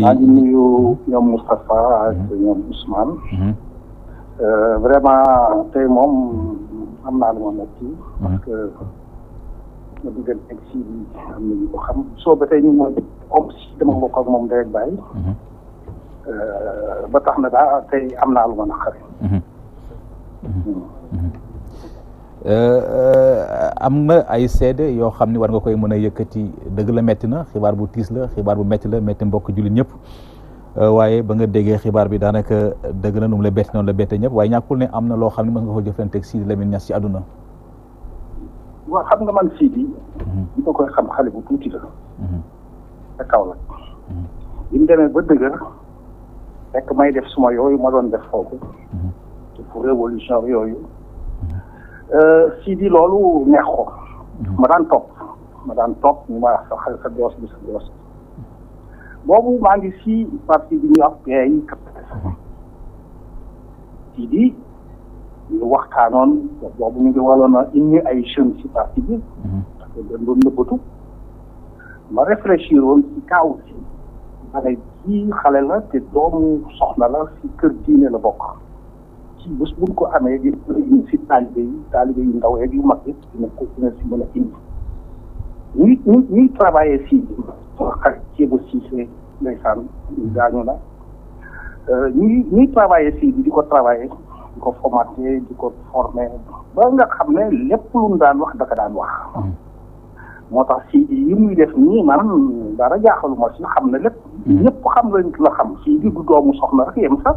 maa ngi nuyu ñoom Moustapha ak ñoom Ousmane. vraiment tey moom am naa lu ma metti parce que ma digal ak si bi am na ñu ko xam soo ba tey ñu mooy comme si dama bokk ak moom direct bàyyi. ba tax na daa tey am naa lu ma naqari. Euh, euh, am na ay seede yoo xam ni war nga koy mën a yëkkati dëgg la metti na xibaar bu tiis la xibaar bu metti la metti mbokk jullit ñëpp euh, waaye ba nga déggee xibaar bi daanaka dëgg la nu mu la bett noonu la bette ñëpp waaye ñàkkul ne am na loo xam ne mën nga ko jëflanteeg Sidi Lamine Niass ci àdduna. nga mhm. ma koy xam xale bu tuuti la. te kaw la. bi mu demee ba dëgër fekk may def suma yooyu ma doon def foofu. te mhm. pour révolution yooyu. Euh, di loolu neex hmm. ma daan topp ma daan topp mu ma boobu maa ngi si parti bi ñuy wax PAI capitalisme hmm. Sidi waxtaanoon boobu ñu ngi waroon a indi ay jeunes si parti bi. Hmm. parce que dañ nëbbatu ma réfléchir woon si kaw ma ne kii xale la te doomu soxna la ci kër diine la bokk. ci bés buñ ko amee di indi si taalibe yi taalibe yu ndaw yeeg yu mag yëpp dina ko dina si mën a indi ñuy ñuy ñuy travailler si xar ceebu siisee ndeysaan gaañu na ñuy ñuy travailler si di ko travailler di ko formaté di ko formé ba nga xam ne lépp lu mu daan wax daka daan wax moo tax si yi muy def nii man dara jaaxaluma si xam na lépp ñëpp xam lañ la xam si di du doomu soxna rek yem sax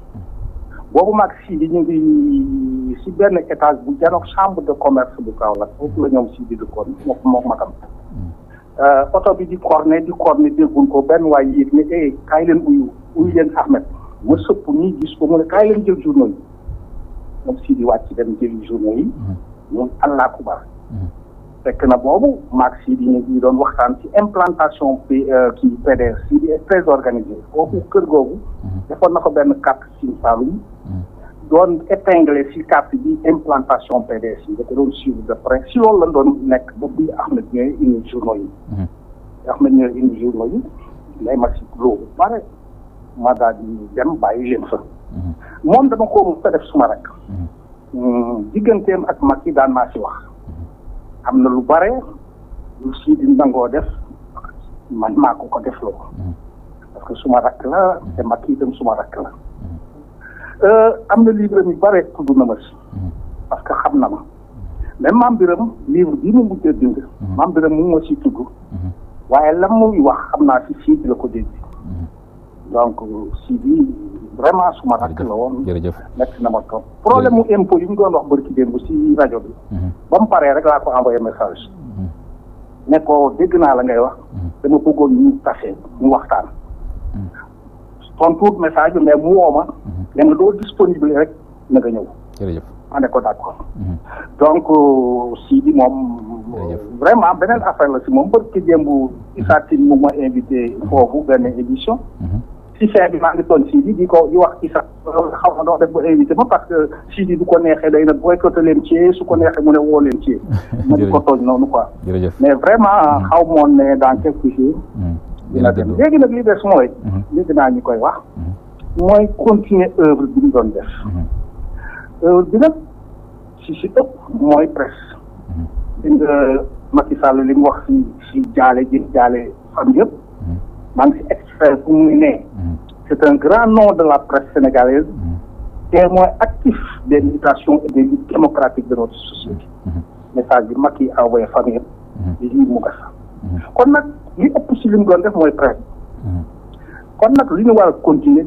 boobu sii di ñu ngi si benn étage bu janoog chambre de commerce bu kaw Kaolack foofu la ñoom Sidi dëkkoon moom moom ma tam euh, oto bi di corne di corne dégguñ ko benn waay yéeg ne eh kaay leen uyu uyu leen Ahmed ma sëpp nii gis ko mu ne kaay leen jël journaux yi moom Sidi wàcc dem jëli journaux yi. Mm-hmm. moom allah kubar mm-hmm. fekk na boobu maag si di ñu doon waxtaan ci implantation P euh, kii si di très organisé foofu kër googu mhm. defoon na ko benn carte Sine Saloum mhm. doon épinglé si carte bi implantation PDS yi da ko doon suivre de près si loolu la doon nekk ba bi Ahmed Ndiaye indi journaux yi mhm. Ahmed Ndiaye indi journaux yi lay ma si loolu pare ma daal di dem bàyyi leen fa moom dama ko mu suma rek mm, digganteem ak mag yi daan si wax am na lu bare lu sii di nangoo def man maa ko ko defloo mm-hmm. parce que suma rakk la mm-hmm. te mag itam suma rakk la mm-hmm. euh, am na livre yu bare tudd na ma si parce que xam na ma mais maam biram livre bii mu mujjee bind maam biram mu ma si tudd waaye lan muy wax xam naa si sii di la ko dégg donc sii di vraiment suma rakk la woon. jërëjëf nekk na ma trop. problème mu impôt yu mu doon wax bari ci démb si rajo bi. Mhm. ba mu paree rek laa ko envoyé message. Mhm. ne ko dégg naa la ngay wax. Mhm. dama bëggoon ñu tase ñu waxtaan. tontu message bi mais mu woo ma. ne ma doo disponible rek na nga ñëw. jërëjëf ma ne ko d'accord. donc euh, si bi moom. vraiment beneen affaire la si moom bari ci démb. Issa Tine mu ma invité foofu benn émission. Sisé bi maa ngi toon Sidi di ko di wax Issa xaw ma ndox def ba invité ma parce que Sidi du ko neexee day na boycotté leen ci su ko neexee mu ne woo leen ci ma di ko tooñ noonu quoi mais vraiment hmm. xaw moon ne dans quelques jours hmm. léegi nag li des mooy léegi hmm. naa ñu koy wax mooy continuer œuvre bi ñu doon def œuvre nag si si ëpp mooy presse di nga Macky Sall li mu wax si si jaale ji jaale fan yëpp maa Mm. c'est un grand nom de la presse sénégalaise mm. témoin actif de mutations et des démocratiques de notre société mm. message ça, suis envoyé famille la famille. kon Quand li presse continuer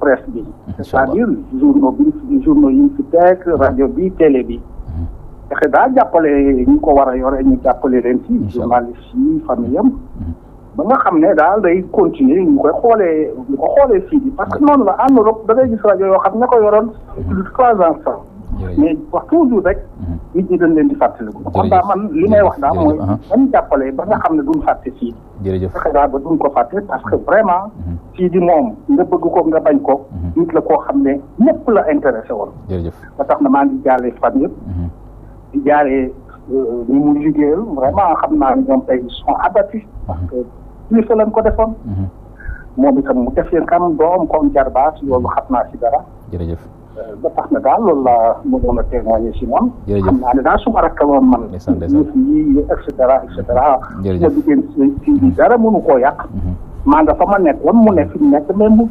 presse c'est-à-dire journaux journaux fexe daal jàppale ñu ko war a yore ñu jàppale leen ci journaliste yi famille am ba nga xam ne daal day continuer ñu koy xoolee ñu ko xoolee fii bi parce que noonu la en Europe da ngay gis rajo yoo xam ne ko yoroon plus trois ans sax mais wax toujours rek nit ñi dañ leen di fàttaliku kon daa man li may wax daal mooy dañ jàppale ba nga xam ne duñ fàtte fii jërëjëf fexe daal ba duñ ko fàtte parce que vraiment fii di moom nga bëgg ko nga bañ ko nit la koo xam ne ñëpp la intéressé woon ba tax na maa ngi jàllee fan yëpp di jaaree euh, ni mu liggéeyal vraiment xam naa ne ñoom tey ils sont parce que plus lañ ko defoon. Mhm. moom itam mu def leen kam doom comme jarbaas loolu xam naa si dara. jërëjëf euh, ba tax na daal loolu laa mënoon a témoigner si moom. jërëjëf xam naa ne daal su ma rakkaloon man. ndeysaan ndeysaan yëf et cetera et cetera. jërëjëf ma liggéey si dara koo yàq. Mhm. man dafa ma nekk wan mu nekk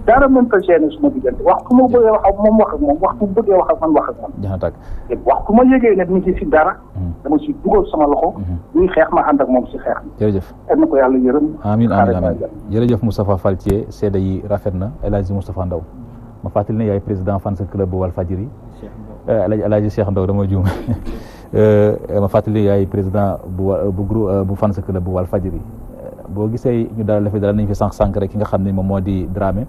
dara mën ko gêné suma diggante waxtu ma bëggee wax ak moom wax moom waxtu mu bëggee wax man wax man waxtu ma yégee ne mi ngi hmm. hmm. ma ànd ak moom si xeex na ko yàlla yërëm amiin amiin jërëjëf Moustapha Fall Thié seede yi rafet na El Hadji Moustapha Ndaw ma fàttali ne yaay président fan sa club bu Walfadjri euh, El Hadji Cheikh Ndaw dama juum euh, ma fàttali ne yaay président bu bu groupe euh, bu fan sa club bu Walfadjri boo gisee ñu a la fi dara nañ fi sànq sànq ki nga xam ne moom moo di Dramé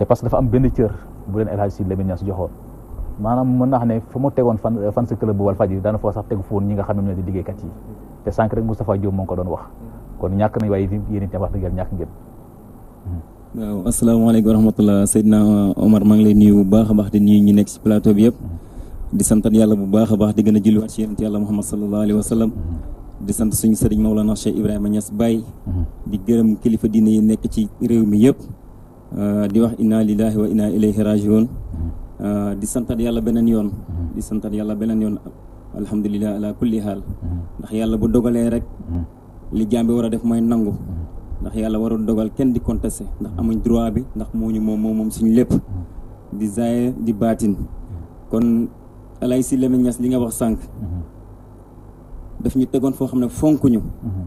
c'est parce dafa am benn cër bu leen El Hadj Sidy Lamine Niass joxoon maanaam mën naa xam ne fa mu tegoon fan fan club bu Walfadjri daana foo sax tegu foon ñi nga xam ne ñoo di liggéeykat yi te sànq rek Moustapha Diop moo ko doon wax kon ñàkk nañ waaye yéen itam a nekk ci plateau bi yëpp di santat yàlla bu baax a baax di gën a julliwaat ci yonent yàlla Muhammad sallallahu alayhi wa di sant suñu sëriñ Maolana Cheikh Ibrahima ñas bàyyi mhm. di gërëm kilifa diine yi nekk ci réew mi yëpp. Euh, di wax inna lillahi wa inna ilayhi rajiun mhm. euh, di santat yàlla beneen yoon. Mhm. di santat yàlla beneen yoon alhamdulilah ala kulli haal. ndax yàlla bu dogalee rek. li jaam bi war a def mooy nangu. ndax yàlla warul dogal kenn di contesté ndax amuñ droit bi ndax moo ñu moom moom suñu lépp. di zaayee di baatin. kon alay si leme ñas li nga wax sànq. daf ñu tegoon foo xam ne fonk ñu mhm.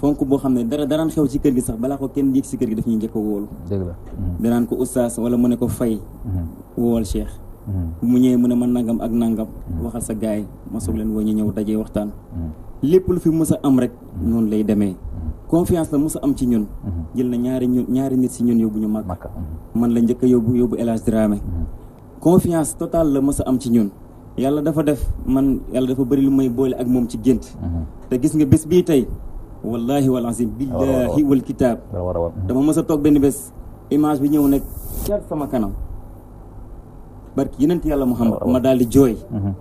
fonk boo xam ne dara daraan xew ci kër gi sax balaa ko kenn yéeg si kër gi daf ñuy njëkk a wóolu mhm. danaan ko oustaz wala mu ne ko fay mhm. wool cheikh bu mu ñëwee mu ne ma nangam ak nangam waxal sa gaay ma soog leen woo ñu ñëw dajee waxtaan lépp lu fi mës a am rek noonu lay demee confiance la mës a am ci ñun jël na ñaari ñun ñaari nit si ñun yóbbu ñu màkk man la njëkk yóbbu yóbbu El Hadj Dramé confiance totale la mës a am ci ñun yàlla dafa def man yàlla dafa bëri lu may boole ak moom ci gént mhm. te gis nga bés bii tey wallahi wal azim billahi wal kitaab dama mës a toog benn bés image bi ñëw nag car sama kanam barki yenent yàlla mu muhammad ma daal di jooy mhm.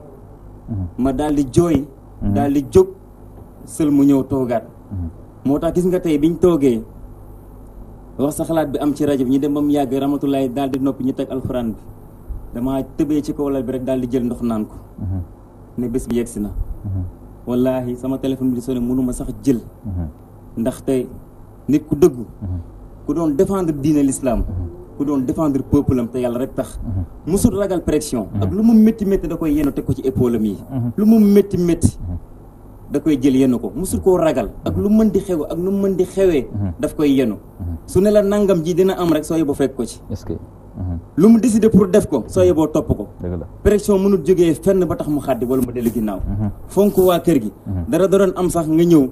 Mhm. ma daal di jooy daal di jóg sël mu ñëw toogaat moo tax gis nga tey bi ñu toogee wax sa xalaat bi am ci rajo bi ñu dem ba mu yàgg ramatulaay daal di noppi ñu teg alxuraan bi damaa tëbee ci kaw lal bi rek daal di jël ndox naan ko mhm. ne bés bi yegsi na mhm. wallaahi sama téléphone bi di sonné mënuma sax jël mhm. ndax te nit ku dëggu ku doon défendre diine lislaam ku doon défendre peuple am te yàlla rek tax musul ragal pression ak lu mu métti métti da koy yenn te ko ci épaule am yi lu mu métti métti da koy jël yenn ko musul koo ragal ak lu mën di xew ak lu mën di xewee daf koy yenu su ne la nangam ji dina am rek soo yóbbu fekk ko ci lu mu décidé pour def ko soo yeboo topp ko pression mënul jógee fenn ba tax mu xaddi wala mu dellu ginnaaw mhm. fonk waa kër gi mhm. dara doon am sax nga ñëw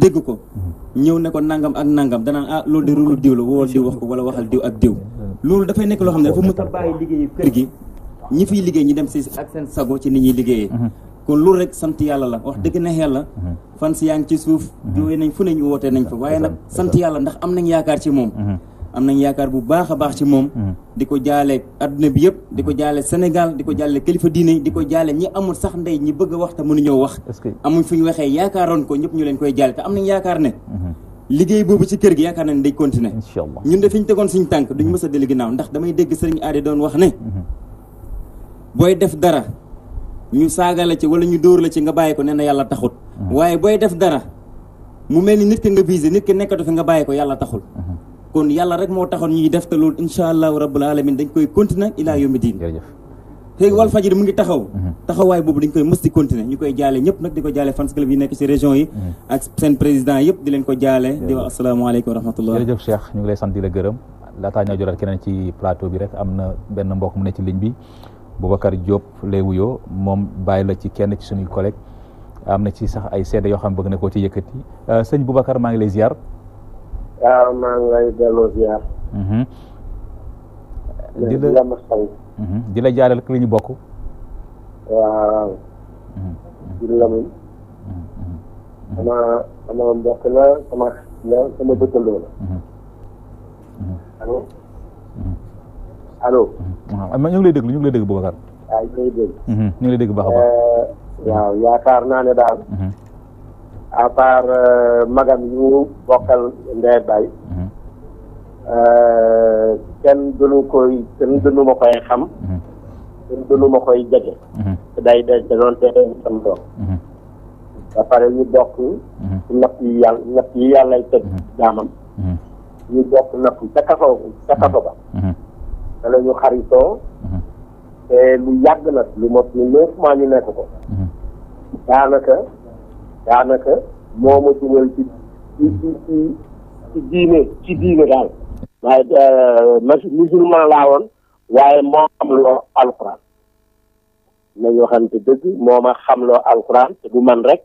dégg ko mhm. ñëw ne ko nangam ak nangam danaan ah loolu de rulu diw la woo diw wax ko wala waxal diw ak diw loolu dafay nekk loo xam ne dafa mën a bàyyi liggéeyu kër gi ñi fiy liggéey ñi si ak seen sago ci nit ñuy liggéeyee kon loolu rek sant yàlla la wax dëgg neex yàlla fan si yaa ngi ci suuf jooy nañ fu ne ñu wootee nañ fa waaye nag sant yàlla ndax am nañ yaakaar ci moom am nañ yaakaar bu baax a baax ci moom hmm. di ko jaale adduna bi yëpp di ko hmm. jaale Sénégal di ko jaale kilifa diine di ko jaale ñi amul sax ndey ñi bëgg a wax te mënuñoo wax amuñ fu ñu waxee yaakaaroon ko ñëpp ñu leen koy jaale te am nañ yaakaar ne hmm. liggéey boobu ci kër gi yaakaar nañ day continuer ñun de fi ñu tegoon suñu tànk duñ mës a dellu ginnaaw ndax damay dégg sëriñ aade doon wax ne booy def dara ñu saaga la ci wala ñu dóor la ci nga bàyyi ko nee na yàlla taxul waaye def dara mu mel ni nit ki nga visé nit ki nekkatu nga bàyyi ko yàlla taxul kon yàlla rek moo taxoon ngi def te lool incha allahu rabbul alamin dañ koy continuer ilaa yawmi diin léegi wal fajiri mu ngi taxaw mhm. taxawaay boobu dañ koy mës di ñu koy jaale ñëpp nag di ko jaale fans club yi nekk ci région yi mhm. ak seen président yëpp di leen ko jaale di wax asalaamaaleykum wa rahmatullah jërëjëf Cheikh ñu ngi lay sant di la gërëm laataa ñoo jotaat keneen ci plateau bi rek am na benn mbokk mu ne ci ligne bi Boubacar Diop lay wuyoo moom bàyyi la ci kenn ci suñuy collègue am na ci sax ay seede yoo xam bëgg na koo ci yëkkati euh, sëñ Boubacar maa ngi lay ziar di la jaaral ki liñu bokk waaw di la muñ sama sama mbokk la sama la sama bëttandu la allo allo ñu ngi lay déglu ñu ngi lay dégg bu bakkar ñu ngi lay dégg baax baax waaw yaakaar naa daal à part euh, magam yu bokkal ndey bay mhm. euh, kenn gënu koy kenn gënu koy xam mhm. kenn gënu ma koy jege mhm. te day day da doon te sam doom ba pare ñu bokk napp yi yàlla napp yi yàllay tëdd jaamam ñu bokk napp ca kaso ba te xaritoo te lu yàgg nag lu mot lu neuf mois ñu nekk ko daanaka daanaka moo ma dugal ci ci ci ci diine ci diine daal. waaye euh, musulman laa woon waaye moo xam loo alquran nañu waxante dëgg moo ma xam loo alquran te du man rek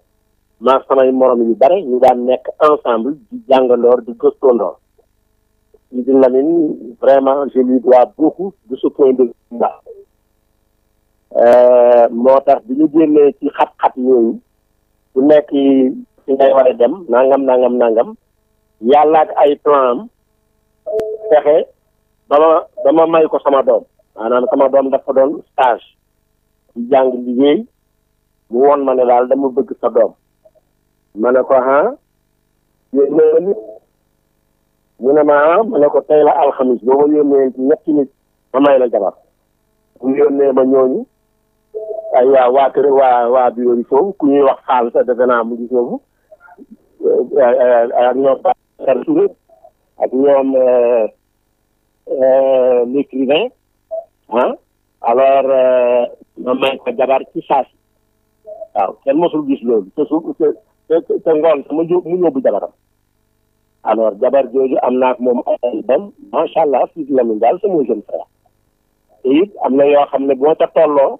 maa samay morom yu bare ñu daan nekk ensemble di jàngandoor di gëstoondoor. Sidi vraiment je lui dois euh, moo tax bi ñu génnee ci xat-xat yooyu. ku nekk yi ngay war a dem nangam nangam nangam yàlla ak ay plan am fexe ba ma ba ma may ko sama doom maanaam sama doom dafa doon stage di jàng liggéey mu woon ma ne daal dama bëgg sa doom ma ne ko ah yónnee mu ne ma ah ma ko tey la alxamis boo ma yónnee ñetti nit ma may la jabar mu yónnee ma ñooñu ay waa waa kër waa waa bureau yi foofu ku ñuy wax xaalis sax defe naa mu ngi foofu euh, ak ñoom Babacar Touré ak euh, euh, jabar ci saa waaw kenn mosul gis loolu te su te te ngoon sama mu yóbbu jabaram alors jabar jooju am naa ak moom ay bam macha allah fii la ñu daal sama jeune frère am na yoo xam ne boo ca tolloo.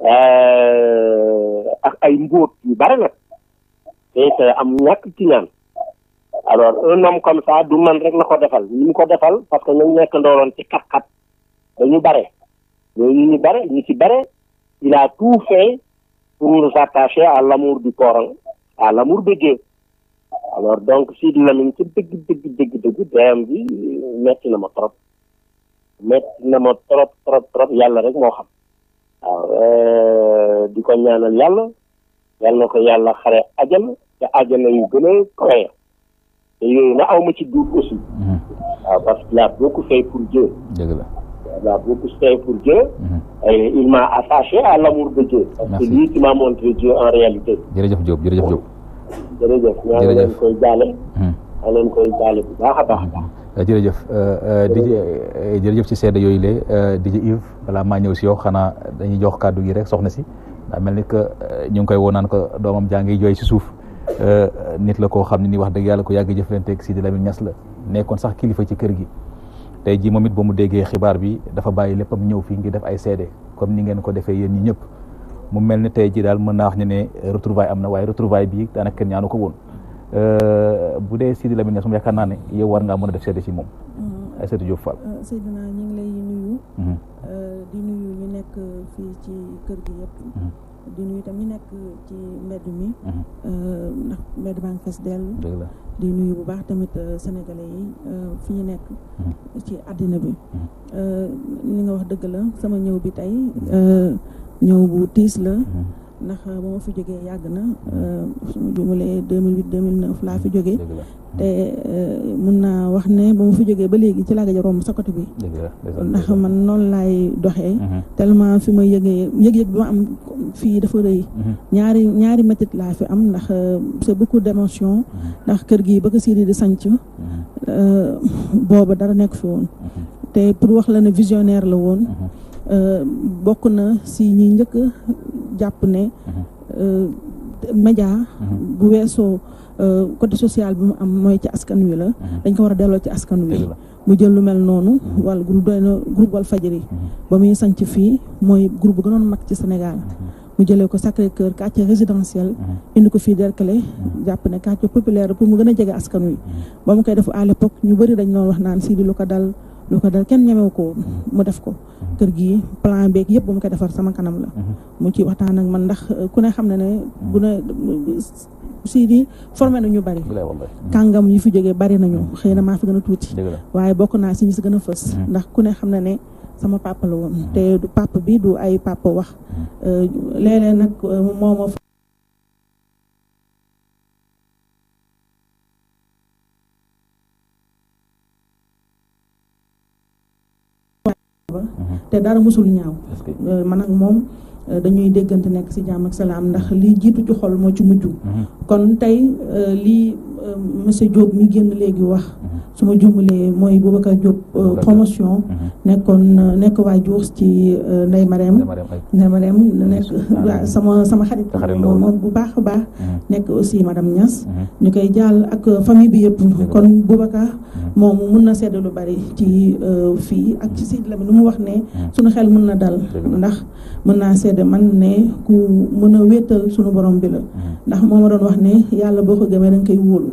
Euh, ak ay mbóot yu bari la te am ñàkk ci ñaan alors un homme comme ça du man rek la ko defal ñu ko defal parce que ñu nekk ndooroon ci kat-kat dañu bare ñu ñu bare ñu ci bare il a tout fait pour nous attacher à l'amour du Coran à l'amour de Dieu alors donc Sidi Lamine ci dëgg dëgg dëgg dëgg dayam bi metti na ma trop metti na ma trop trop trop yàlla rek moo xam waaw euh, di ko ñaanal yàlla yàlla ko yàlla xare ajana te ajana yu gën a koy te yooyu na aw ma ci duur aussi mhm. waaw parce que laa beaucoup fay pour Dieu dëgg la laa beaucoup fay pour Dieu mhm. et il m'a attaché à l'amour de Dieu parce que ci qui m'a montré Dieu en réalité jërëjëf Diop jërëjëf Diop jërëjëf ñaa ngi leen koy jaale maa leen koy jaale bu baax a baax a baax mhm. jërëjëf euh, euh, di jërëjëf ci seede yooyu lee euh, di ji Yves balaa maa ñëw si yow xanaa dañuy jox kàddu gi rek soxna si daa mel ni que ñu ngi koy woo naan ko doomam jaa ngi jooy si suuf nit la koo xam ne ni wax dëgg yàlla ko yàgg jëflanteeg Sidi Lamine Niass la nekkoon sax kilifa ci kër gi tey jii moom it ba mu déggee xibaar bi dafa bàyyi léppam ñëw fii ngir def ay seede comme ni ngeen ko defee yéen ñi ñëpp mu mel ni tey jii daal mën naa wax ne ne retrouvaille am na waaye retrouvaille bi daanaka kenn ñaanu ko woon Eh, bu dee si di la mine sumu yaakaar naa ne yow war ngaa mën a def seede si moom. ay seede Diouf Fall. seede naa ngi lay nuyu. di nuyu ñu nekk fii ci kër gi yëpp. di nuyu itam ñu nekk ci mbedd mi. ndax mbedd baa ngi fees dellu. di nuyu bu baax tamit sénégalais yi fi ñu nekk. ci àddina bi. li nga wax dëgg la sama ñëw bi tey. ñëw bu tiis la. ndax euh, ba ma fi jógee yàgg na suñu jumulee 2008 2009 laa fi jógee te euh, mun naa wax ne ba ma fi jógee ba léegi ci laa gëj a romb sa côté bi ndax man noonu laay doxee mhm. tellement fi ma yëgee yëg-yëg bi ma am fii dafa rëy mhm. ñaari ñaari métit laa fi am ndax euh, sa beaucoup d'émotion mhm. ndax kër gi ba ko siiri di sanc booba dara nekk fi woon te pour wax la ne visionnaire la woon bokk na si ñi njëkk jàpp ne mhm. euh, média mhm. bu weesoo euh, côté social bi mu am mooy ci askan wi la mhm. dañ ko war a delloo ci askan wi mu jël lu mel noonu wala groupe doy na groupe Walfadjri ba muy sanc fii mooy groupe bu gënoon mag ci Sénégal mu jëlee ko Sacré Cœur quartier résidentiel indi ko fii Derklé jàpp ne quartier populaire pour mu gën a jege askan wi ba mu koy def à l'époque ñu bëri dañ doon wax naan si lu ko dal lu ko dal kenn ñemew ko mu def ko mm-hmm. kër gi plan beeg yëpp bu mu ko defar sama kanam la mm-hmm. mu ci waxtaan ak man ndax uh, ku ne xam ne ne mm-hmm. bu ne si di formé nañu bari kàngam yi fi jógee bari nañu xëy ne maa fi gën a tuuti waaye bokk naa si ñu si gën a fës ndax ku ne xam ne ne sama papa la woon te du papa bi du ay papa wax uh, léeg nag uh, moo ba mhm. te dara musul ñaaw eh, man ak moom eh, dañuy déggante nekk si jaam ak salaam ndax lii jiitu ci xol moo ci mujj mhm. kon tey eh, lii Euh, monsieur Diop mi génn léegi wax mhm. su ma jumbalee mooy Boubacar Diop euh, promotion mhm. nekkoon euh, nekk waa Diouf ci Ndeye Marème Ndeye Marème mhm. nekk waa ah, sama sama xarit moom bu baax a baax nekk aussi madame ñas ñu koy jàll ak famille bi yëpp kon Boubacar moom mun na sedd lu bari ci fii ak ci Sidy Lamine nu mu wax ne sunu xel mën na dal ndax mën naa sedd man ne ku mën a wéetal sunu borom bi la ndax moo ma doon wax ne yàlla boo ko gëmee danga koy wóolu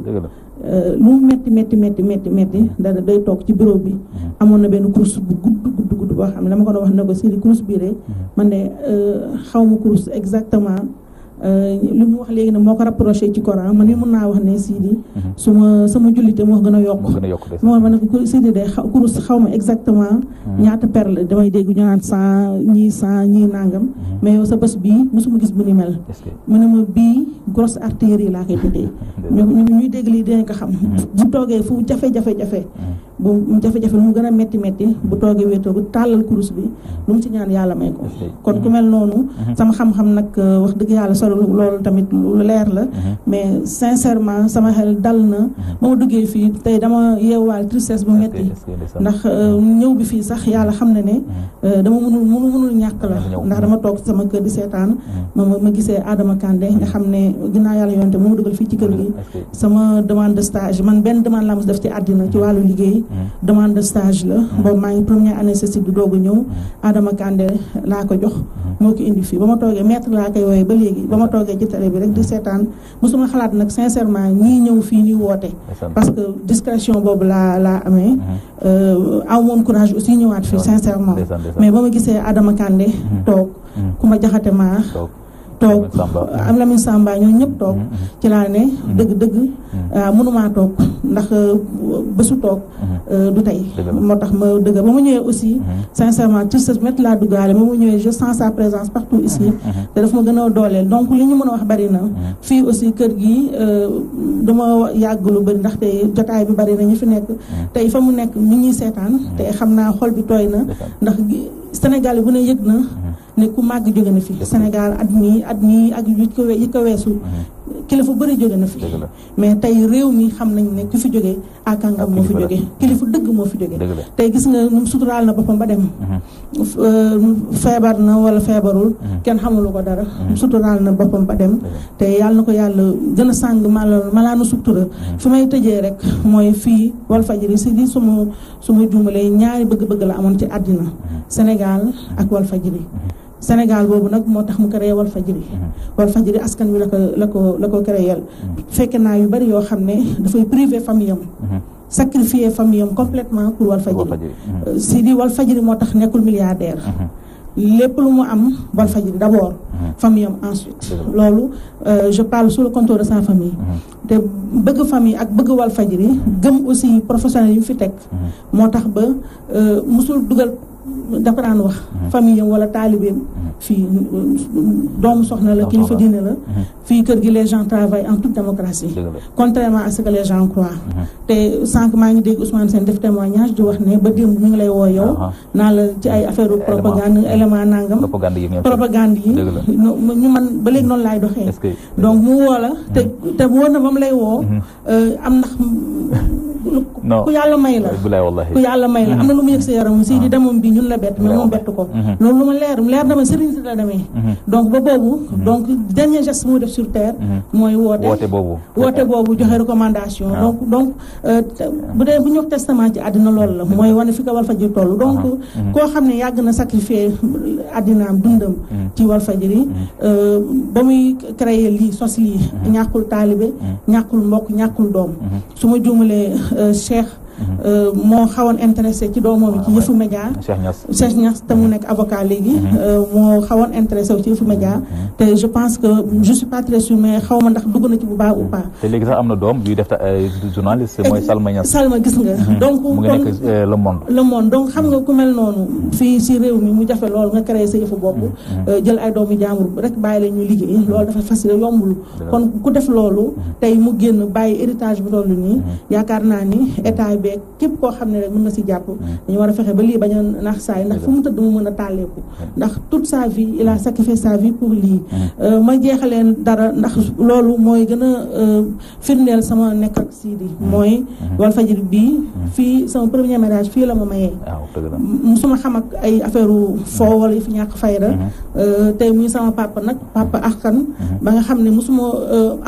Euh, lu metti metti metti metti metti da day toog ci bureau bi mhm. amoon na benn course bu gudd gudd gudd boo xam ne dama ko doon wax na ko si course bii de mhm. man de euh, xaw ma course exactement Euh, li mu wax léegi nag moo ko rapproché ci Coran man mi mun naa wax ne Sidi. su ma sama jullite moo gën a yokk. moo gën a yokk des na ma ne ko Sidi day xaw ma exactement. Hmm. ñaata perle damay dégg ñu naan cent ñii ñii nangam. Hmm. mais yow sa bés bii ma gis bu ni mel. mu ne ma bii grosse artère yi laa koy tuddee. ñu ñuy dégg lii dinañ ko xam. Hmm. bu toogee fu jafe-jafe jafe. bu jafe-jafe lu mu gën a metti metti bu toogee wéetoo bu tàllal kurus bi lu mu ci ñaan yàlla may ko kon ku mm-hmm. mel noonu mm-hmm. sama xam-xam nag euh, wax dëgg yàlla solo loolu tamit lu leer la mm-hmm. mais sincèrement sama xel dal na ba ma duggee fii tey dama yeewaal tristesse bu metti ndax euh, ñëw bi fii sax yàlla xam na ne euh, dama mënul mënul mënul ñàkk la ndax dama toog sama kër di seetaan ma ma gisee Adama Kandé nga xam ne ginnaaw yàlla yoonte moo ma dugal fii ci kër gi sama demande de stage man benn demande laa mos def ci àddina ci wàllu liggéey demande de stage la mm-hmm. boobu maa ngi première année ceci di doog a ñëw mm-hmm. Adama Kandé laa ko jox moo ko indi fi ba ma toogee maître laa koy wooye ba léegi ba ma toogee ci télé bi rek di seetaan mosuma xalaat nag sincèrement ñii ñëw fii ñuy woote parce que discrétion boobu laa laa amee mm-hmm. euh, aw moon courage aussi ñëwaat fii sincèrement mais ba ma gisee Adama Kandé toog ku ma jaxate maa tok amlamin ah, samba ñoo ñep tok mm-hmm. ci la ne deug mm-hmm. deug mënu mm-hmm. ah, ma tok ndax eh, besu tok eh, du tay motax ma deug ba ma ñewé aussi sincèrement tout ce mettre la dougalé ma ma ñewé je sens sa présence partout ici da daf ma gëna doolé donc li ñu mëna wax bari na fi aussi kër gi euh duma yag lu bari ndax tay jotaay bi bari na ñi fi nekk tay fa mu nekk ñi ñi sétane tay xamna xol bi toy na ndax Sénégal bu ne yëg na ne ku màgg jóge na fi Sénégal at mii at mii ak yi ko weesu kilifa bëri jóge na fi mais tey réew mi xam nañ ne ki fi jóge akàngam moo fi jóge kilifa dëgg moo fi jóge tey gis nga num suturaal na boppam ba dem mm-hmm. euh, feebar na wala feebarul mm-hmm. kenn xamulu ko dara mm-hmm. suturaal na boppam ba dem te yàlla na ko yàlla gën a sàng mala malaanu sutura fu may tëjee rek mooy fii Walfadjri si di suma suma jumbalee ñaari bëgg-bëgg la amoon ci àddina Sénégal ak wol Walfadjri Sénégal boobu nag moo tax mu créé wal fajiri mhm. wal fajiri askan wi la ko la ko la ko créel mhm. naa yu bari yoo xam ne dafay privé famille am mhm. sacrifié famille am complètement pour wal fajiri euh, si di wal fajiri moo tax nekkul milliardaire lépp lu mu am wal fajiri d'abord famille am ensuite loolu euh, je parle sous le contrôle de sa famille te bëgg famille ak bëgg wal fajiri gëm aussi professionnel yu fi teg moo tax ba euh, musul dugal dafa daan wax mm-hmm. famille wala taalibeem mm-hmm. fii mm, doomu soxna la kilifa diine la mm-hmm. fii kër gi les gens travaillent en toute démocratie contrairement à ce que les gens croient te sànq maa ngi dégg Ousmane Sène def témoignage di wax ne ba démb mi lay woo yow uh-huh. naa la ci ay affaire propagande élément nangam propagande yi ñu man ba léegi noonu laay doxee donc mu woo la te te woo na ba mu lay woo euh, am ndax ku yàlla may la may la am na lu mu yëg sa yaram si di ah. demoon bi ñun la bett mais moom bett ko mhm. loolu ma leer leer dama sëriñ si la demee mhm. donc ba boobu mhm. donc dernier geste moo def sur mooy woote woote boobu woote boobu joxe recommandation ah. donc donc euh, bu dee bu ñu wax testament ci àddina lool la mooy wane fi ko Walfadjri toll donc uh-huh. koo xam ne yàgg na sacrifier am dundam ci Walfadjri euh, ba muy créer lii sos lii ñàkkul taalibe ñàkkul mbokk ñàkkul doom su ma juumalee Euh, Cheikh Euh, moo xawoon intéressé ci doomam yi ci ah, yëfu média Cheikh Niass te mu nekk avocat léegi mm-hmm. euh, moo xawoon intéressé ci yëfu média mm-hmm. te je pense que je suis pas très sûr xaw ma ndax dugg na ci bu baax ou pas te léegi sax am na doom buy def euh, journaliste mooy Salma gis nga mm-hmm. donc mu ngi nekk le monde donc xam nga ku mel noonu fii si réew mi mu jafe lool nga créé sa yëfu bopp jël ay doomi jaambur rek bàyyi la liggéey loolu dafa facile yombul kon ku def loolu tey mu génn bàyyi héritage bu doon nii yaakaar naa ni état bi tàllee képp koo xam ne rek mën na si jàpp dañu war a fexe ba lii bañ a nax saay ndax fu mu tëdd mu mën a tàlleeku ndax toute sa vie il a sacrifié sa vie pour lii ma jeexalee dara ndax loolu mooy gën a firndeel sama nekk ak di mooy wal fajir bii fii sama premier ménage fii la ma mayee su ma xam ak ay affaire foo wala fi ñàkk fay ra tey muy sama papa nag papa hmm. axkan hmm. eh, lah, hmm. ba nga xam ne musuma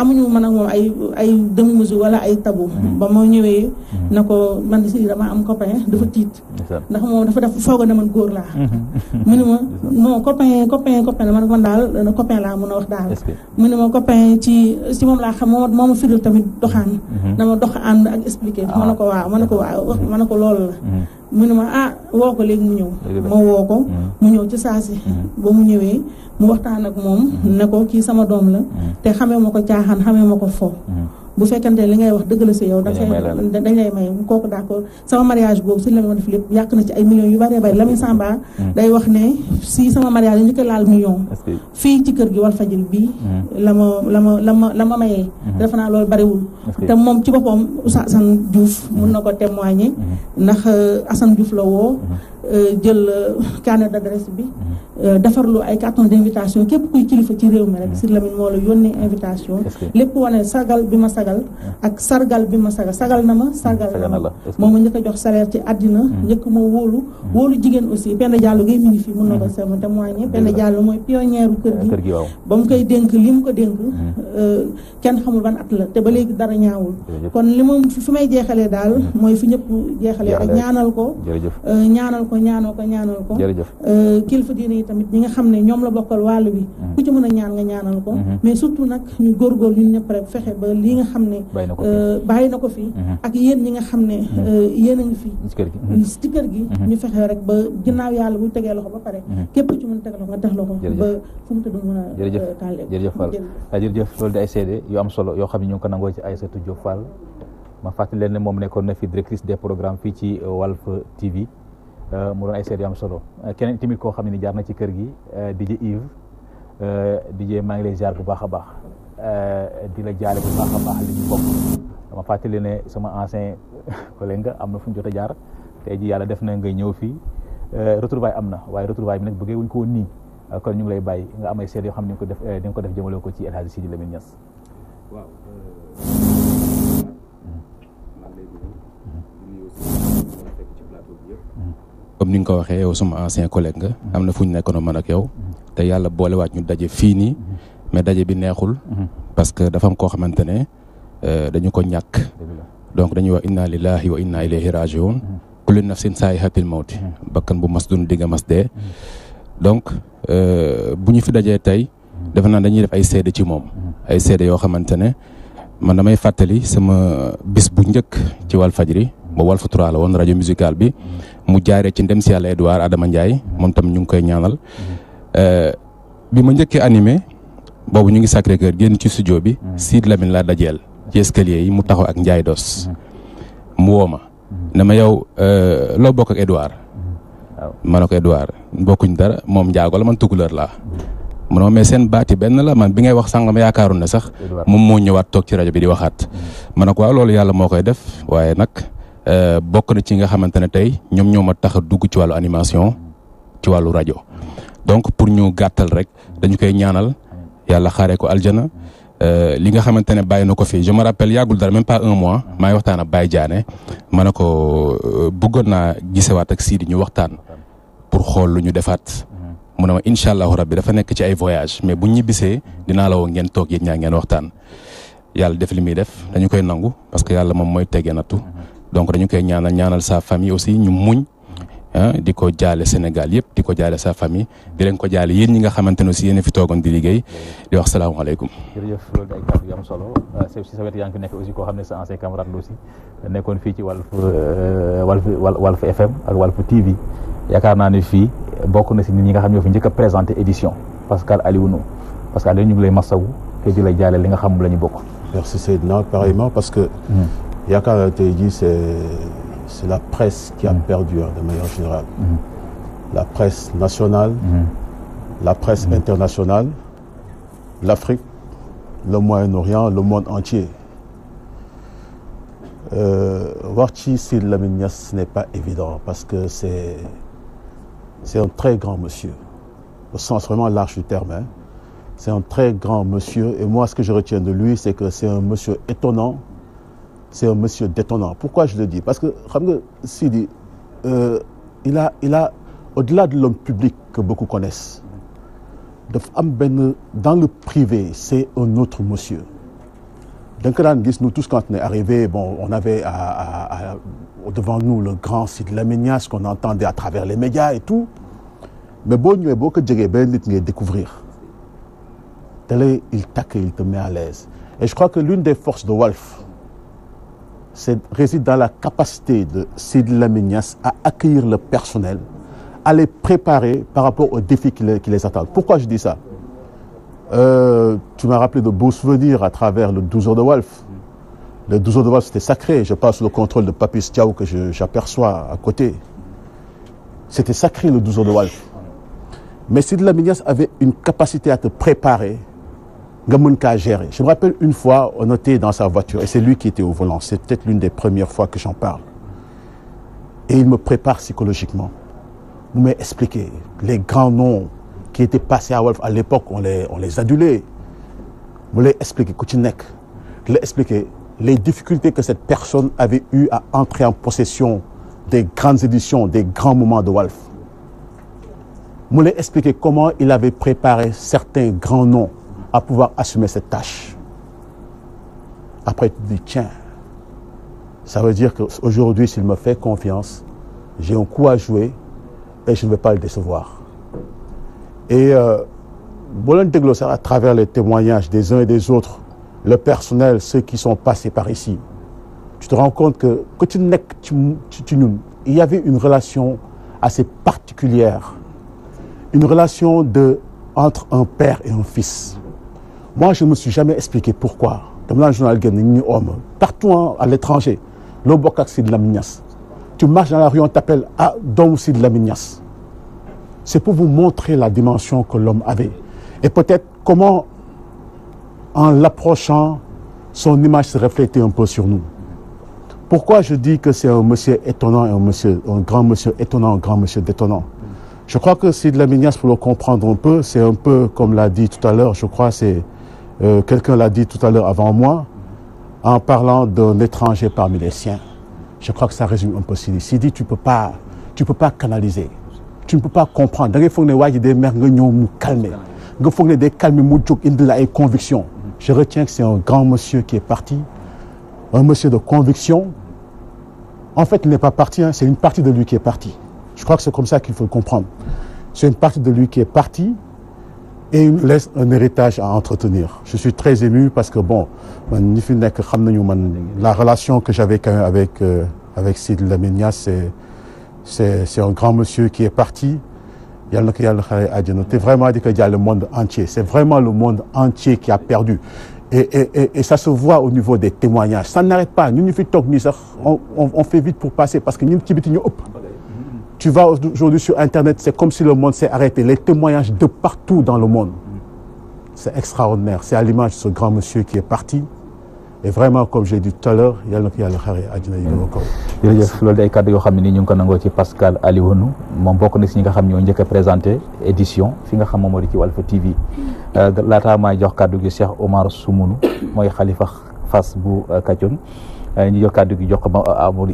amuñu man ak moom ay ay demi mesure wala ay tabu ba ma ñëwee na ko man si dama am copain dafa tiit ndax moom dafa def foog na man góor laa mm-hmm. mu ne ma non copain copain copain man man daal euh, copain laa mën a wax daal ma copain ci si moom laa xam moom moo ma firil tamit doxaan dama mm-hmm. dox ànd ak expliqué ah. ma ne ko waaw ma ne ko waaw mm-hmm. ma ne ko loolu la mu ne ma ah woo ko léegi mu ñëw ma woo ko mu ñëw ci si ba mu ñëwee mu waxtaan ak moom ne ko kii sama doom la te xamee ma ko caaxaan xamee ma ko fo bu fekkente ne li ngay wax dëgg la si yow dafay dañ lay may kooku d'accord sama mariage boobu suñ la ma def lépp yàq na ci ay millions yu bëree bëri Lamine Samba hmm. day wax ne si sama mariage dañu ko laal million fii ci kër gi Walfadjri bi hmm. la ma la ma la ma la ma mayee hmm. defe naa loolu bëriwul te moom ci boppam Oustaz Assane Diouf mun na ko témoigner ndax euh, Assane Diouf la woo Euh, jël euh, carnet d'adresse bi mhm. euh, defarlu ay de invitation képp kuy kilifa ci réew mi rek mhm. Sidy Lamine moo la yónnee invitation lépp wane sagal bi ma sagal mhm. ak sargal bi ma sagal sagal na ma sargal na ma moo ma njëkk a jox salaire ci àddina njëkk moo wóolu wóolu jigéen aussi Penda Diallo ngay mi ngi fi mun na ko sama témoigner Penda Diallo mooy pionnière u kër gi ba mu koy dénk li mu ko dénk kenn xamul ban at la te ba léegi dara ñaawul kon li moom fi may jeexalee daal mooy fi ñëpp jeexalee rek ñaanal ko ko ñaanoo ko ñaanal ko euh, kilifa diine yi tamit ñi nga xam ne ñoom la bokkal wàll bi mm-hmm. ku ci mën a ñaan nga ñaanal ko mm-hmm. mais surtout nag ñu góorgóor ñu ñëpp rek fexe ba li nga xam ne bàyyi na ko fii euh, mm-hmm. ak yéen ñi nga xam ne euh, yéen a ngi fii ci kër gi ñu fexe rek ba ginnaaw yàlla bu tegee loxo ba pare képp ci mën a teg loxo nga teg loxo ba fu mu tëdd mën a taal jërëjëf Fall ah, jërëjëf loolu di ay seede yu am solo yoo xam ne ñu ngi ko nangoo ci Aïssatou Diop Fall ma fàttali leen ne moom nekkoon na fi directrice des programmes fii ci Walf TV Euh, mu doon ay seet yu am solo euh, keneen tamit koo xam ne ni jaar na ci kër gi euh, di DJ Yves DJ maa ngi lay jaar bu baax a baax di la jaale bu baax a baax li ñu bokk dama fàttali ne sama ancien collègue nga am na fu ñu jot a jaar te ji yàlla def na ngay ñëw fii retrouvaille am na waaye retrouvaille bi nag bëggee wuñ ko woon nii kon ñu ngi lay bàyyi nga am ay seet yoo xam ne di nga ko def di ko def jëmale ko ci El Hadji Sidi Lamine Niass comme ni nga ko waxee yow suma ancien collègue nga am na fu ñu nekkoon man ak yow te yàlla boolewaat ñu daje fii nii mais daje bi neexul parce que dafa am koo xamante ne euh, dañu ko ñàkk donc dañuy wax inna lillahi wa inna ilayhi rajiun kullu nafsin saa'ihatul mawti bakkan bu mas dund digga mas dee donc euh, bu ñu fi dajee tey defe naa dañuy def ay seede ci moom ay seede yoo xamante ne man damay fàttali sama bis bu njëkk ci Walfadjri ba Walf 3 la woon rajo musical bi mu jaaré ci ndem ci yalla edouard adama ndjay mom tam ñu koy ñaanal euh bi ma ñëkke animé bobu ñu ngi sacré cœur genn ci studio bi hmm. sid lamine la dajel ci escalier yi mu taxaw ak ndjay dos hmm. mu woma hmm. nama yow euh lo bok ak edouard manoko edouard bokkuñ dara mom ndjago la man tukuleur la mono me sen bati ben la man bi ngay wax sangam yaakarou na sax mom mo ñewat tok ci radio bi di waxat manako wa lolou yalla mo koy def waye nak Euh, bokk na ci nga xamante ne tey ñoom ñoo ma tax a dugg ci wàllu animation ci wàllu rajo donc pour ñu gàttal rek dañu koy ñaanal yàlla xaaree ko aljana euh, li nga xamante ne bàyyi na ko fi je me rappelle yàggul dara même pas un mois maa waxtaan a Baye jaane ma ne ko euh, bëggoon naa gisewaat ak Sidi ñu waxtaan pour xool lu ñu defaat. mun ne ma incha allahu bi dafa nekk ci ay voyage mais bu ñibbisee dinaa la woo ngeen toog yéen ñaa ngeen waxtaan yàlla def li muy def dañu koy nangu parce que yàlla moom mooy tegee nattu donc dañu koy ñaanal ñaanal sa famille aussi ñu muñ ah, di ko jaale Sénégal yëpp di ko jaale sa famille di leen ko jaale yéen ñi nga xamante ne aussi yéen fi toogoon di liggéey di wax salaamaaleykum. jërëjëf loolu day kàddu yu am euh, si sa wet yaa ngi fi nekk aussi koo xam ne sa ancien camarade la aussi nekkoon fii ci Walf euh, Walf Walf FM ak Walf TV yaakaar naa ne fii bokk na si nit ñi nga xam ne ñoo fi njëkk a présenté édition Pascal Alioune parce que Aliou ñu ngi lay masawu te di lay jaale li nga xam la ñu bokk. merci Seydina que. Hmm. Il y a été dit c'est la presse qui a mm. perdu hein, de manière générale. Mm. La presse nationale, mm. la presse internationale, l'Afrique, le Moyen-Orient, le monde entier. Euh, Warchi ce n'est pas évident parce que c'est un très grand monsieur, au sens vraiment large du terme. Hein. C'est un très grand monsieur et moi ce que je retiens de lui c'est que c'est un monsieur étonnant, c'est un monsieur détonnant. Pourquoi je le dis Parce que, Sidi, euh, il a, il a au-delà de l'homme public que beaucoup connaissent, dans le privé, c'est un autre monsieur. nous tous, quand on est arrivé, bon, on avait devant nous le grand site ce qu'on entendait à travers les médias et tout. Mais bon, il beau que découvrir. Tel est, il t'accueille, il te met à l'aise. Et je crois que l'une des forces de Wolf, réside dans la capacité de Sid Lamignas à accueillir le personnel, à les préparer par rapport aux défis qui les, attendent. Pourquoi je dis ça euh, Tu m'as rappelé de beaux souvenirs à travers le 12 heures de Wolf. Le 12 heures de Wolf, c'était sacré. Je passe le contrôle de Papis que j'aperçois à côté. C'était sacré le 12 heures de Wolf. Mais Sid Lamignas avait une capacité à te préparer je me rappelle une fois on était dans sa voiture et c'est lui qui était au volant c'est peut-être l'une des premières fois que j'en parle et il me prépare psychologiquement Il m'a expliqué les grands noms qui étaient passés à Wolf à l'époque on les on les adulait il m'a expliqué les difficultés que cette personne avait eues à entrer en possession des grandes éditions des grands moments de Wolf. Me m'a expliqué comment il avait préparé certains grands noms à pouvoir assumer cette tâche. Après, tu te dis, tiens, ça veut dire qu'aujourd'hui, s'il me fait confiance, j'ai un coup à jouer et je ne vais pas le décevoir. Et euh, de Glossaire à travers les témoignages des uns et des autres, le personnel, ceux qui sont passés par ici, tu te rends compte que, que il y avait une relation assez particulière, une relation de, entre un père et un fils. Moi, je ne me suis jamais expliqué pourquoi. Comme dans le journal homme, partout hein, à l'étranger, le c'est de la mignasse. Tu marches dans la rue, on t'appelle à ah, donc c'est de la mignasse. C'est pour vous montrer la dimension que l'homme avait. Et peut-être comment, en l'approchant, son image se reflétait un peu sur nous. Pourquoi je dis que c'est un monsieur étonnant et un monsieur, un grand monsieur étonnant, un grand monsieur détonnant Je crois que c'est de la mignasse pour le comprendre un peu. C'est un peu, comme l'a dit tout à l'heure, je crois, c'est euh, quelqu'un l'a dit tout à l'heure avant moi, en parlant d'un étranger parmi les siens. Je crois que ça résume un peu Si dit, tu peux pas, tu peux pas canaliser. Tu ne peux pas comprendre. calmer. calmer conviction. Je retiens que c'est un grand monsieur qui est parti, un monsieur de conviction. En fait, il n'est pas parti, hein. c'est une partie de lui qui est partie. Je crois que c'est comme ça qu'il faut comprendre. C'est une partie de lui qui est partie, et il laisse un héritage à entretenir. Je suis très ému parce que bon, la relation que j'avais avec euh, avec Sid Lamenia, c'est un grand monsieur qui est parti. C'est vraiment il y a le monde entier. C'est vraiment le monde entier qui a perdu. Et, ça se voit au niveau des témoignages. Ça n'arrête pas. on, fait vite pour passer parce que nous, petit tu vas aujourd'hui sur Internet, c'est comme si le monde s'est arrêté. Les témoignages de partout dans le monde. C'est extraordinaire. C'est à l'image de ce grand monsieur qui est parti. et vraiment comme j'ai dit tout à l'heure il y a le xare àjjana yi à a kaw jërëjëf loolu day kàddu yoo ñu Pascal Alioune moom bokk ni si ñi nga présenté édition fi nga xam moom moo di ci Walf TV euh, laataa maay jox Cheikh Omar Soumounou mooy Khalifa Fass bu euh, Kacoon euh, ñu jox kàddu gi jox ko Amadou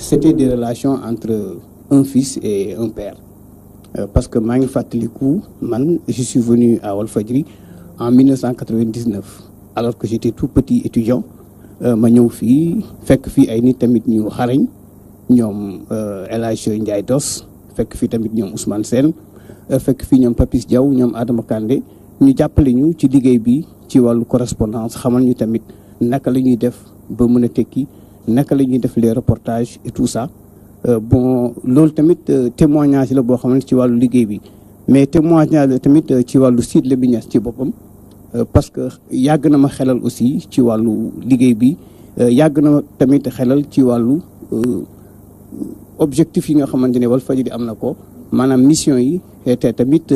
c'était des relations entre un fils et un père. Euh, parce que je suis venu à Walfadjri en 1999 alors que j'étais tout petit étudiant euh, ma fek fi ay tamit ñu euh, Dos tamit Ousmane Papis Diaw ñom Adama Kandé ñu ci bi ci correspondance xamal ñu tamit naka def ba naka la ñuy def les reportages et tout ça euh, bon loolu tamit euh, témoignage la boo xam ne ci wàllu liggéey bi mais témoignage la tamit euh, ci wàllu site la bi ñes ci boppam parce que yàgg na ma xelal aussi ci wàllu liggéey bi yàgg na tamit xelal ci wàllu objectif yi nga xamante ne Walfadjri am na ko maanaam mission yi te tamit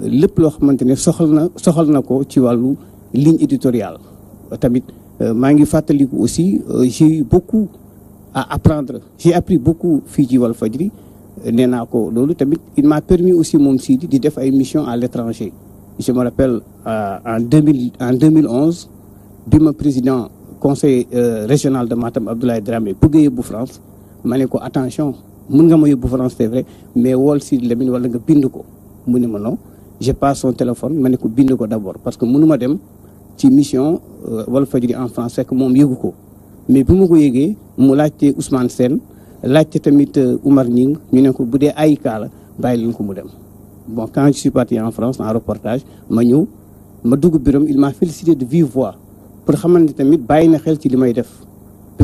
lépp loo xamante ne soxal na soxal na ko ci wàllu ligne éditoriale tamit euh, Mangifatli aussi euh, j'ai eu beaucoup à apprendre j'ai appris beaucoup fii Wal Walfadjri euh, nee tamit il m'a permis aussi de Sidi une mission à l'étranger je me rappelle en 2011 du ma président conseil régional de Matam Abdoulaye Dramé Pour a pour France ma dit attention je nga ma yóbbu France c'est vrai mais Wal Sidi je wala nga bind ko je ne non j'ai pas son téléphone ma ne ko d'abord parce que ne sais dem ci mission euh, dit en français que mom yegu ko mais bu ma ko yëgee mu laccé Ousmane Sen laccé tamit euh, Oumar Ning ñu ne ko budé dee ay la bàyyi ko mu dem bon quand je suis parti en France en reportage ma ñu ma dugg biram il m'a félicité de vivre. voix pour xamante tamit bayina xel ci limay def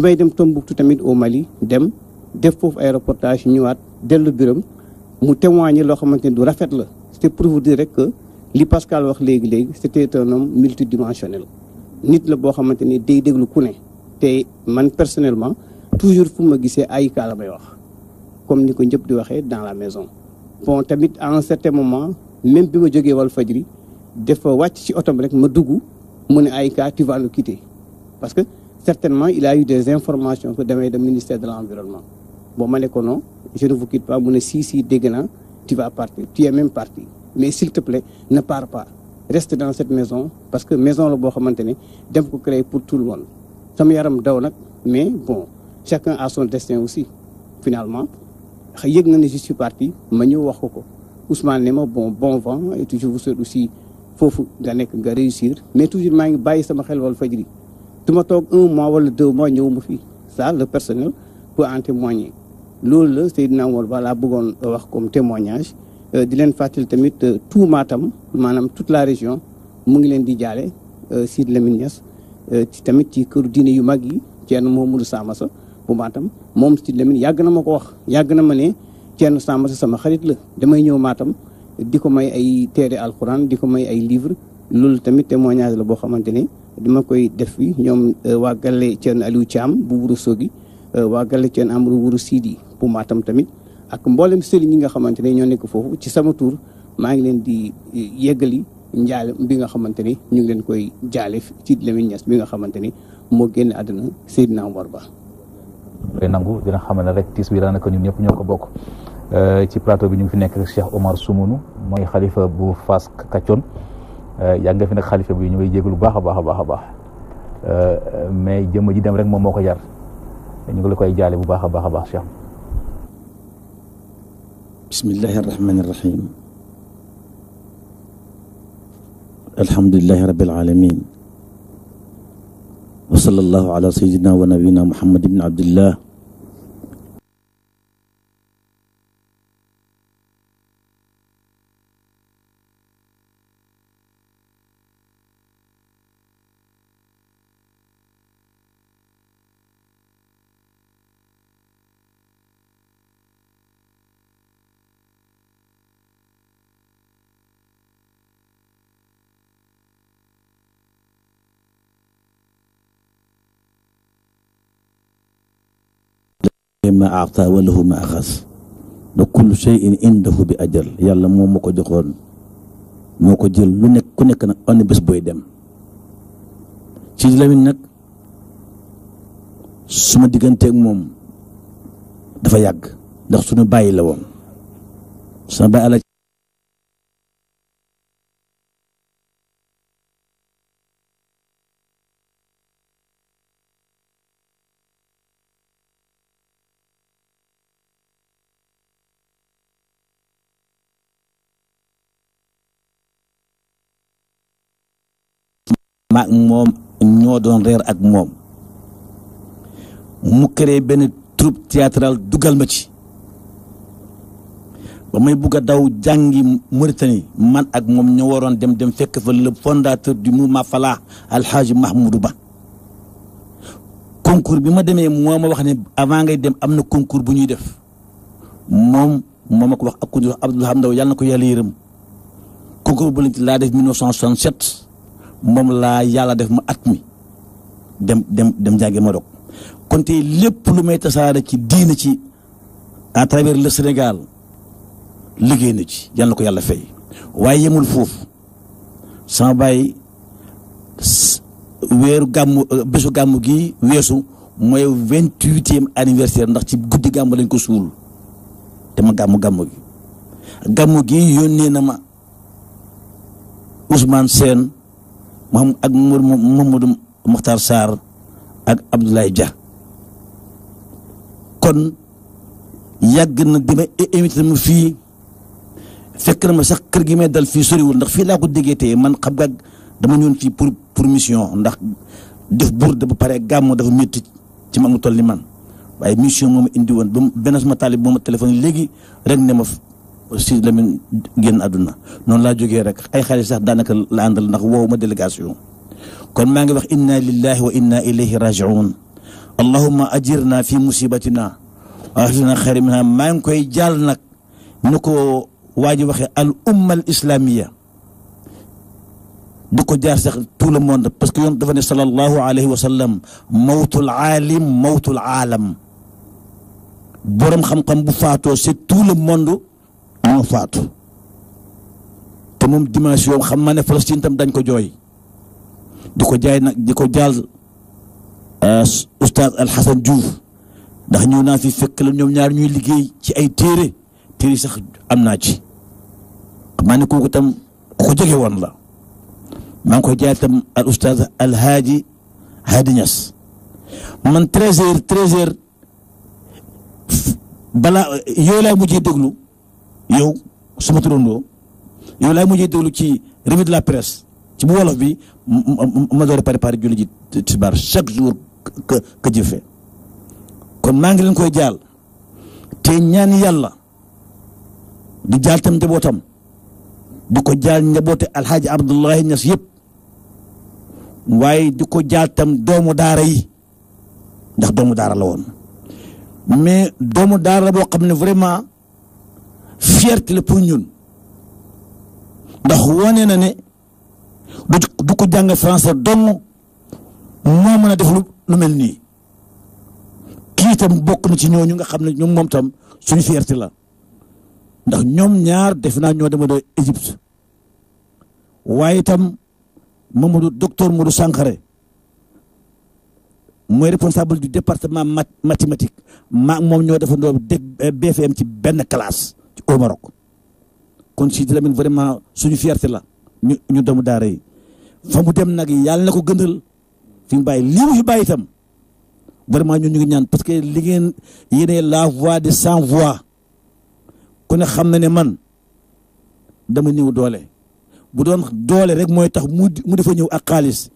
bi dem Tombouctou tamit au Mali dem def foofu ay reportage ñëwaat delu biram mu témoigner lo xamante du rafet la c'est pour vous dire que li Pascal wax léegi-léegi c'était un homme multidimensionnel nit la boo xamante ni day déglu ku ne te man personnellement toujours fu ma gisee ayika la may wax comme ni ko ñëpp di waxee dans la maison bon tamit à un certain moment même bi ma jógee Walfadjri dafa wàcc ci otom rek ma dugg mu ne tu vas nous quitter parce que certainement il a eu des informations que damay de ministère de l'environnement bon ma ne ko non je ne vous quitte pas mu ne si si dégg naa tu vas partir tu es même parti mais s'il te plaît ne pars pas reste dans cette maison parce que maison la boo xamante dem pour tout le monde Ça yaram daw mais bon chacun a son destin aussi finalement je na ne je suis parti ma ñëw wax ko Ousmane ne bon bon vent et toujours vous souhaite aussi il faut nekk réussir mais toujours je ngi bàyyi sama xel wala fajri Tu ma toog un mois wala deux mois je ma fii ça le personnel peut en témoigner loolu ce Seydina Omar voulais comme témoignage Euh, di leen fàttali tamit euh, tout Matam maanaam toute la région mu ngi leen di jaale euh, Sidy Lamine Niass ci tamit ci kër diine yu mag yi Thierno Mouhamadou Samassa bu Matam moom Sidy Lamine yàgg na ma ko wax yàgg na ma ne Thierno Samassa sama xarit la damay ñëw maatam di ko may ay téere alxuraan di ko may ay livre loolu tamit témoignage la boo xamante ne dima koy def fi ñoom waa Galle Thierno Aliou Thiam bu Wuro Sogi waa Galle Thierno Amadou Wuro Sidi bu Matam tamit ak mboolem sëriñ yi nga xamante ne ñoo nekk foofu ci sama tur maa ngi leen di e, yeggali njaale bi nga xamante ni ñu ngi leen koy jaale ci Lamine bi nga xamante ni moo génn àdduna Seydina Omar Ba. koy nangu dina xamal ne rek tiis bi daanaka ñun ñëpp ñoo ko bokk euh, ci plateau bi ñu ngi fi nekk Cheikh Omar Soumounou mooy xalifa bu Fass Kacoon euh, yaa nga fi xalifa bi ñu ngi jégalu baax a baax a baax a baax euh, mais jëmm ji dem rek moom moo ko yar ñu ngi la koy jaale bu baax a baax a baax Cheikh. بسم الله الرحمن الرحيم الحمد لله رب العالمين وصلى الله على سيدنا ونبينا محمد بن عبد الله ma aata wa lahu ma axas da kullu shay'in indahu bi ajal yàlla moom moo ko joxoon moo ko jël lu nekk ku nekk nag am na bés booy dem ci Lamin nag suma digganteeg moom dafa yàgg ndax suñu bàyyi la woon sama bàyyi ala maak moom ñoo doon reer ak moom mu créé benn troupe théâtrale dugal ma ci ba may bugg a daw jàngi Mauritanie man ak moom ñoo waroon dem dem fekk fa le fondateur du mouvement Falah Alhaji Mahmoudou Ba concours bi ma demee moo ma wax ne avant ngay dem am na concours bu ñuy def moom moo ma ko wax ak ku ñu wax xam Hamdaw yàlla na ko yàlla yërëm concours bu lañ ci laa def moom laa yàlla def ma at mi dem dem dem jàngi Maroc kon tey lépp lu may tasaare ci diina ci à travers le Sénégal liggéey na ci yal na ko yàlla fay waaye yemul foofu sama bàyyi weeru gàmmu euh, bésu gàmmu gi weesu mooy vingt-huitième anniversaire ndax ci guddi gàmmu lañ ko suul te ma gàmmu gàmmu gi gàmmu gi yónnee na ma Ousmane Sène moom ak Mamadou Mokhtar saar ak Abdoulaye Dia kon yàgg na di ma invité ma fii fekk na ma sax kër gi may dal fii soriwul ndax fii laa ko déggee tey man xam nga dama ñëwoon fii pour pour mission ndax def bourde ba pare gàmmu dafa métti ci ma mu toll ni man waaye mission moom indi woon ba benn sama taalib moom ma téléphone léegi rek ne ma aussi la min génn aduna non la jogé rek ay xaalis sax danaka la àndal ndax wo ma délégation kon ma ngi wax inna lillahi wa inna ilayhi rajiun allahumma ajirna fi musibatina wa ahlina khair minha ma ngi koy jall nak nuko waji waxe al umma al islamia duko jaar sax tout le monde parce que yoon dafa ne sallallahu alayhi wa sallam mawtul aalim mawtul alam borom xam-xam bu faato c'est tout le monde an faatu te moom dimanche yow xam naa ne Palestine tam dañ ko jooy di ko jaay nag di ko jaal euh, oustaz Alxasan Diouf ndax ñëw naa fi fekk la ñoom ñaar ñuy liggéey ci ay téere téere sax am naa ci xam naa ne kooku tam ku ko jege woon la maa ngi koy jaay tam al oustaz Alhaaji Hadi man treize heures treize heures balaa yooyu laay mujjee déglu yow suma turandoo yow lay mujjee déglu ci revue la presse ci bu wolof bi ma door a préparé julli ji tisbaar chaque jour ka ka jëfe kon maa ngi leen koy jaal te ñaan yàlla di jaal tam njabootam di ko jaal njaboote alxaaji abdullahi ñas yëpp waaye di ko jaal tam doomu daara yi ndax doomu daara la woon mais doomu daara boo xam ne vraiment fierté la pour ñun ndax wone na ne du du ko jàng français dong moo mën a def lu mel nii kii itam bokk na ci ñu nga xam ne ñoom moom tam suñu fierté la ndax ñoom ñaar def naa ñoo demoo de Égypte waaye itam Mamadou docteur Modou Sankaré mooy responsable du département mathématique maa moom ñoo defandoo BFM ci benn classe au Maroc kon si di lamine vraiment suñu fierté la ñu ñu doomu daara yi fa mu dem nag yàlla na ko gëndal fi mu bàyyi lii mu fi bàyyi itam vraiment ñun ñu ngi ñaan parce que li ngeen la voix de sans voix kon ne xam na ne man dama néew doole bu doon doole rek mooy tax mu mu dafa ñëw ak xaalis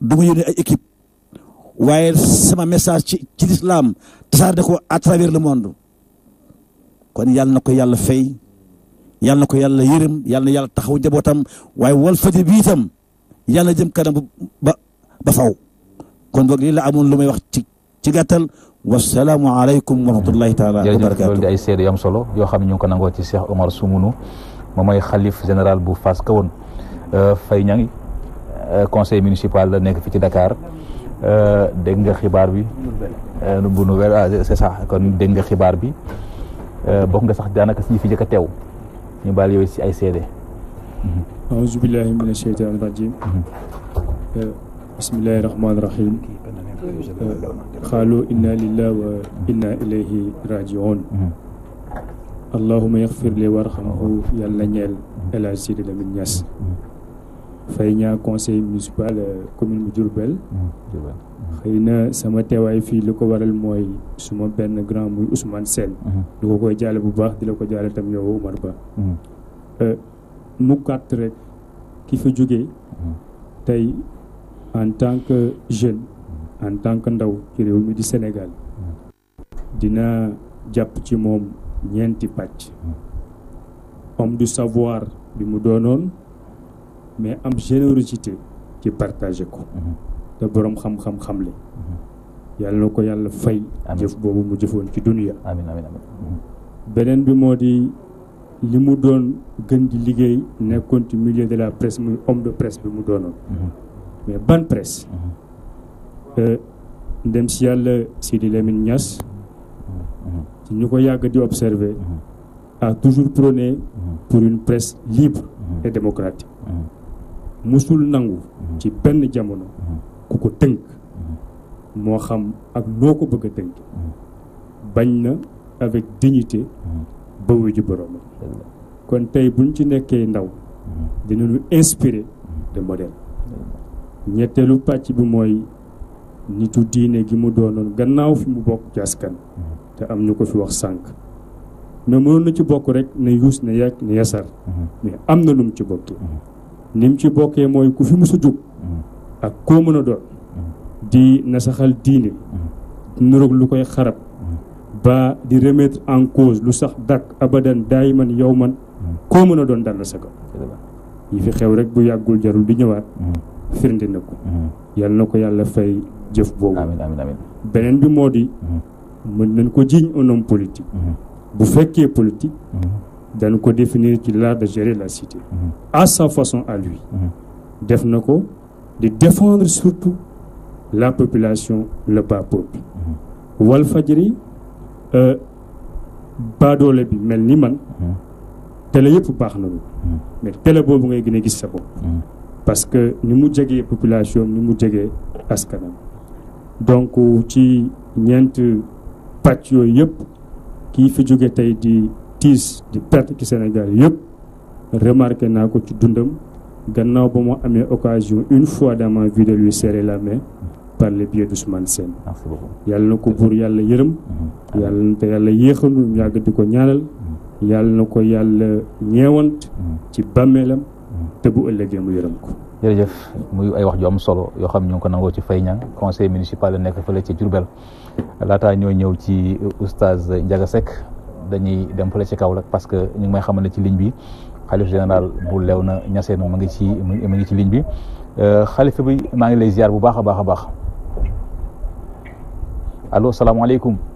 du ma yónnee ay équipe waaye sama message ci ci l'islam tasaare ko à travers le monde kon yàlla nako yàlla fay yàlla nako yàlla yërëm yàlla yàlla taxaw jabotam way wal bi bitam yàlla jëm kanam ba ba faw kon bok li la amoon lumay wax ci ci gàttal wasalaamu alaykum wa rahmatullahi taala wa barakatuh ay seede yam solo yo xamni ñu ko nango ci Cheikh Omar Soumounou moom mooy xalif général bu fas kawon euh fay ñangi conseil municipal la nek fi ci Dakar euh dégg nga xibar bi euh bu nouvelle c'est ça kon dégg nga xibar bi Eh, bokk nga sax daanaka si fi njëkk a teew ñu baal yooyu si ay seede أعوذ بالله من الشيطان الرجيم بسم الله الرحمن الرحيم قالوا إنا لله وإنا إليه راجعون اللهم يغفر لي وارحمه يلا نيل إلى سيد من نياس فإن conseil municipal eh, commune Diourbel mhm. xëy sama teewaay fii li ko waral mooy suma benn grand muy Ousmane Sène mhm. di ko koy jaale bu baax di la ko jaale tam yow Omar Ba mu gàtt rek ki fa jógee mhm. tey en tant que jeune mhm. en tant que ndaw ci réew mi di Sénégal dina jàpp ci moom ñeenti pàcc homme du savoir bi mu doonoon mais am générosité ci partager ko te borom xam-xam xamle yàlla na ko yàlla fay jëf boobu mu jëfoon ci dunya amin amin amin hmm. beneen bi moo di li mu doon gën di liggéey nekkoon ci milieu de la presse muy homme de presse bi mu doonoon hmm. mais ban presse hmm. euh, ndem si yàlla Sidi Lamine Niass ci ñu ko yàgg di observer a toujours prôné pour une presse libre et démocratique musul nangu ci benn jamono ku ko tënk moo xam ak noo ko bëgg a tënk bañ na avec dignité ba wuju borom kon tey buñ ci nekkee ndaw dinañu inspirer de modèle ñetteelu pàcc bi mooy nitu diine gi mu doonoon gannaaw fi mu bokk ci askan te am ñu ko fi wax sànq mais mënoon na ci bokk rek ne yuus ne yàgg ne yasar mais am na lu mu ci bokkee ni mu ci bokkee mooy ku fi musa jóg ak koo mën a di nasaxal diine nurug lu koy xarab ba di remettre en cause lu sax dakk abadan daayiman yow man koo mën a doon dal sa kaw yi fi xew rek bu yàggul jarul di ñëwaat firnde na ko fay jëf di mën nañ ko un politique bu politique ko définir de gérer la cité à sa façon à lui def de défendre surtout la population, le bas peuple. Mm-hmm. Walfadjri euh, Bado bi mel Niman, man mm-hmm. télé yëpp baax mm-hmm. mais télé boobu ngay gis sa parce que ni mu la population ni mu jegee askanam donc ci ñeent patio yep yëpp kii fi jóge tey di tiis di perte ci Sénégal yep remarqué nous ci dundam gannaaw ba mu amee occasion une fois dans ma vie de lui serrer la main par le biais d'Ousmane Sène yàlla na ko buur yàlla yërëm mmh. yàlla na te yàlla yéexal ñu yàgg di ko ñaanal mmh. yàlla na ko yàlla ñeewant mmh. ci bàmmeelam te bu ëllëgee mu yërëm ko jërëjëf muy ay wax ju am solo yoo xam ñu ngi ko nangoo ci Faye conseil municipal la nekk fële ci Diourbel laataa ñoo ñëw ci oustaz Ndiaga Seck dañuy dem fële ci Kaolack parce que ñu ngi may xamal ne ci ligne bi xalif général bu Léona Niassène mu ngi ci mu ngi ci ligne bi euh, xalifa bi maa ngi lay ziar bu baax a baax a baax allo salaamaaleykum